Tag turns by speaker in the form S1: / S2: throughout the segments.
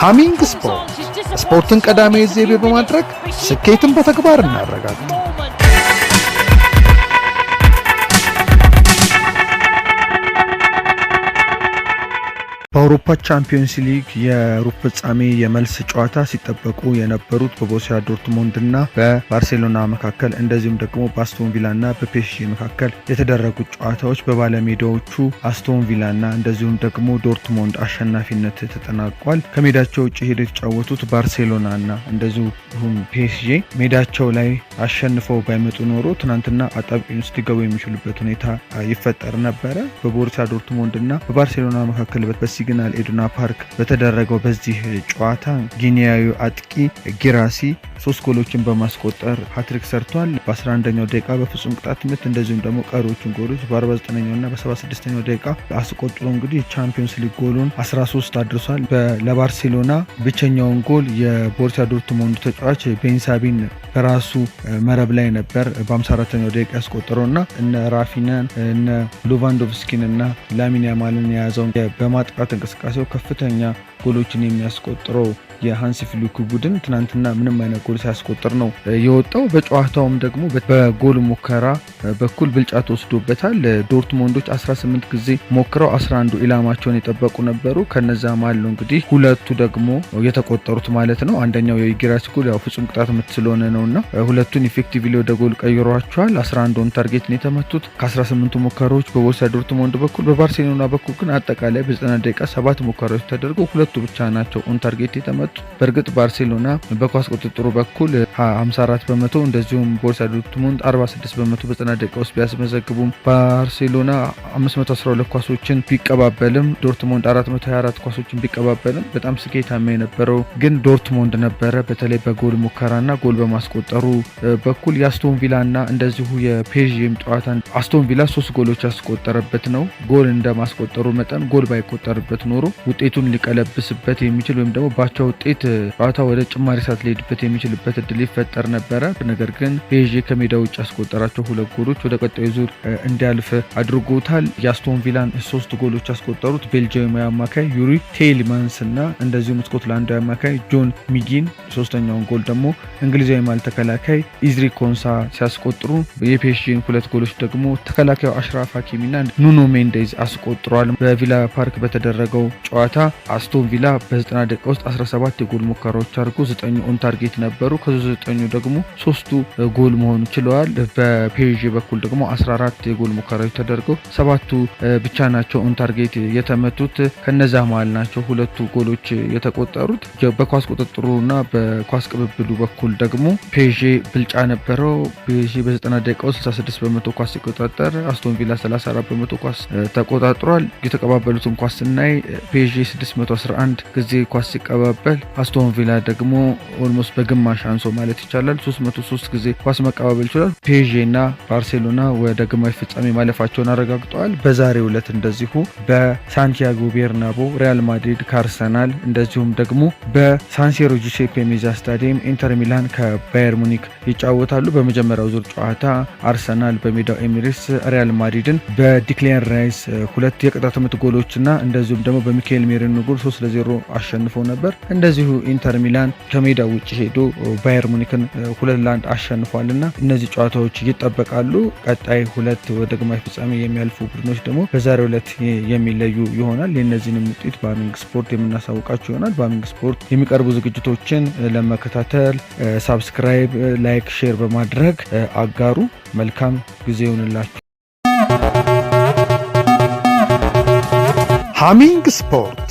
S1: ሃሚንግ ስፖርት ስፖርትን ቀዳሚ ዘይቤ በማድረግ ስኬትን በተግባር እናረጋግጥ።
S2: በአውሮፓ ቻምፒዮንስ ሊግ የሩብ ፍጻሜ የመልስ ጨዋታ ሲጠበቁ የነበሩት በቦሲያ ዶርትሞንድ እና በባርሴሎና መካከል እንደዚሁም ደግሞ በአስቶን ቪላ እና በፔሽ መካከል የተደረጉት ጨዋታዎች በባለሜዳዎቹ አስቶን ቪላ እና እንደዚሁም ደግሞ ዶርትሞንድ አሸናፊነት ተጠናቋል። ከሜዳቸው ውጭ ሄደው የተጫወቱት ባርሴሎና እና እንደዚሁም ፔስጂ ሜዳቸው ላይ አሸንፈው ባይመጡ ኖሮ ትናንትና አጣብቂኝ ውስጥ ሊገቡ የሚችሉበት ሁኔታ ይፈጠር ነበረ። በቦሩሲያ ዶርትሞንድ እና በባርሴሎና መካከል በሲ ሲግናል ኤዱና ፓርክ በተደረገው በዚህ ጨዋታ ጊኒያዊ አጥቂ ጊራሲ ሶስት ጎሎችን በማስቆጠር ሀትሪክ ሰርቷል። በ11ኛው ደቂቃ በፍጹም ቅጣት ምት እንደዚሁም ደግሞ ቀሪዎቹን ጎሎች በ49ኛው ና በ76ኛው ደቂቃ አስቆጥሮ እንግዲህ ቻምፒዮንስ ሊግ ጎሉን 13 አድርሷል። ለባርሴሎና ብቸኛውን ጎል የቦርሲያ ዶርትሞንዱ ተጫዋች ቤንሳቢን በራሱ መረብ ላይ ነበር በ54ኛው ደቂቃ ያስቆጠረው እና እነ ራፊናን እነ ሌቫንዶቭስኪን እና ላሚን ያማልን የያዘውን በማጥቃት እንቅስቃሴው ከፍተኛ ጎሎችን የሚያስቆጥረው የሃንሲ ቡድን ትናንትና ምንም አይነት ጎል ሲያስቆጥር ነው የወጣው። በጨዋታውም ደግሞ በጎል ሙከራ በኩል ብልጫ ተወስዶበታል። ዶርትሞንዶች 18 ጊዜ ሞክረው 11 ኢላማቸውን የጠበቁ ነበሩ። ከነዛ መሀል ነው እንግዲህ ሁለቱ ደግሞ የተቆጠሩት ማለት ነው። አንደኛው የጊራሲ ጎል ያው ፍጹም ቅጣት ምት ስለሆነ ነው እና ሁለቱን ኢፌክቲቭሊ ወደ ጎል ቀይሯቸዋል። 11ን ታርጌት ነው የተመቱት ከ18ቱ ሙከራዎች በቦርሲያ ዶርትሞንድ በኩል በባርሴሎና በኩል ግን አጠቃላይ በ90 ደቂቃ ሰባት ሙከራዎች ተደርገው ሁለቱ ብቻ ናቸው ኦን ታርጌት በእርግጥ ባርሴሎና በኳስ ቁጥጥሩ በኩል 54 በመቶ እንደዚሁም ቦርሲያ ዶርትሙንድ 46 በመቶ በዘጠና ደቂቃ ውስጥ ቢያስመዘግቡም ባርሴሎና 512 ኳሶችን ቢቀባበልም ዶርትሞንድ 424 ኳሶችን ቢቀባበልም በጣም ስኬታማ የነበረው ግን ዶርትሞንድ ነበረ። በተለይ በጎል ሙከራና ጎል በማስቆጠሩ በኩል የአስቶን ቪላና እንደዚሁ የፔዥም ጨዋታን አስቶን ቪላ ሶስት ጎሎች ያስቆጠረበት ነው። ጎል እንደማስቆጠሩ መጠን ጎል ባይቆጠርበት ኖሮ ውጤቱን ሊቀለብ ሊያበስበት የሚችል ወይም ደግሞ ባቻ ውጤት ጨዋታ ወደ ጭማሪ ሰዓት ሊሄድበት የሚችልበት እድል ይፈጠር ነበረ። ነገር ግን ፔዤ ከሜዳ ውጭ ያስቆጠራቸው ሁለት ጎሎች ወደ ቀጣዩ ዙር እንዲያልፍ አድርጎታል። የአስቶን ቪላን ሶስት ጎሎች ያስቆጠሩት ቤልጅየማዊ አማካይ ዩሪ ቴልማንስ እና እንደዚሁም ስኮትላንዳዊ አማካይ ጆን ሚጊን፣ ሶስተኛውን ጎል ደግሞ እንግሊዛዊ ማል ተከላካይ ኢዝሪ ኮንሳ ሲያስቆጥሩ የፔዥን ሁለት ጎሎች ደግሞ ተከላካዩ አሽራፍ ሀኪሚና ኑኖ ሜንዴዝ አስቆጥሯል። በቪላ ፓርክ በተደረገው ጨዋታ አስቶ አስቶን ቪላ በ90 ደቂቃ ውስጥ 17 የጎል ሙከራዎች አድርጎ ዘጠኙ ኦን ታርጌት ነበሩ። ከዚ ዘጠኙ ደግሞ ሶስቱ ጎል መሆኑ ችለዋል። በፔዥ በኩል ደግሞ 14 የጎል ሙከራዎች ተደርገው ሰባቱ ብቻ ናቸው ኦን ታርጌት የተመቱት። ከነዛ መሀል ናቸው ሁለቱ ጎሎች የተቆጠሩት። በኳስ ቁጥጥሩና በኳስ ቅብብሉ በኩል ደግሞ ፔዥ ብልጫ ነበረው። ፔዥ በ90 ደቂቃ ውስጥ 66 በመቶ ኳስ ሲቆጣጠር አስቶን ቪላ 34 በመቶ ኳስ ተቆጣጥሯል። የተቀባበሉትን ኳስ ስናይ ፔዥ 611 አንድ ጊዜ ኳስ ሲቀባበል አስቶን ቪላ ደግሞ ኦልሞስት በግማሽ አንሶ ማለት ይቻላል 303 ጊዜ ኳስ መቀባበል ይችላል። ፔዤ እና ባርሴሎና ወደ ግማሽ ፍጻሜ ማለፋቸውን አረጋግጠዋል። በዛሬው ዕለት እንደዚሁ በሳንቲያጎ ቤርናቦ ሪያል ማድሪድ ከአርሰናል እንደዚሁም ደግሞ በሳንሴሮ ጁሴፔ ሜዛ ስታዲየም ኢንተር ሚላን ከባየር ሙኒክ ይጫወታሉ። በመጀመሪያው ዙር ጨዋታ አርሰናል በሜዳው ኤሚሬትስ ሪያል ማድሪድን በዲክሊያን ራይስ ሁለት የቅጣት ምት ጎሎችና እንደዚሁም ደግሞ በሚካኤል ሜሪኖ ጎል ሶስት ለዜሮ አሸንፎ ነበር። እንደዚሁ ኢንተር ሚላን ከሜዳ ውጭ ሄዶ ባየር ሙኒክን ሁለት ለአንድ አሸንፏል እና እነዚህ ጨዋታዎች ይጠበቃሉ። ቀጣይ ሁለት ወደ ግማሽ ፍጻሜ የሚያልፉ ቡድኖች ደግሞ በዛሬው ዕለት የሚለዩ ይሆናል። የእነዚህንም ውጤት በአሚንግ ስፖርት የምናሳውቃችሁ ይሆናል። በአሚንግ ስፖርት የሚቀርቡ ዝግጅቶችን ለመከታተል ሳብስክራይብ፣ ላይክ፣ ሼር በማድረግ አጋሩ። መልካም ጊዜ ይሁንላችሁ። ሃሚንግ
S1: ስፖርት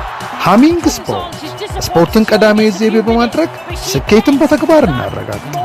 S1: ሃሚንግ ስፖርት ስፖርትን ቀዳሚ ዘይቤ በማድረግ ስኬትን በተግባር እናረጋግጥ።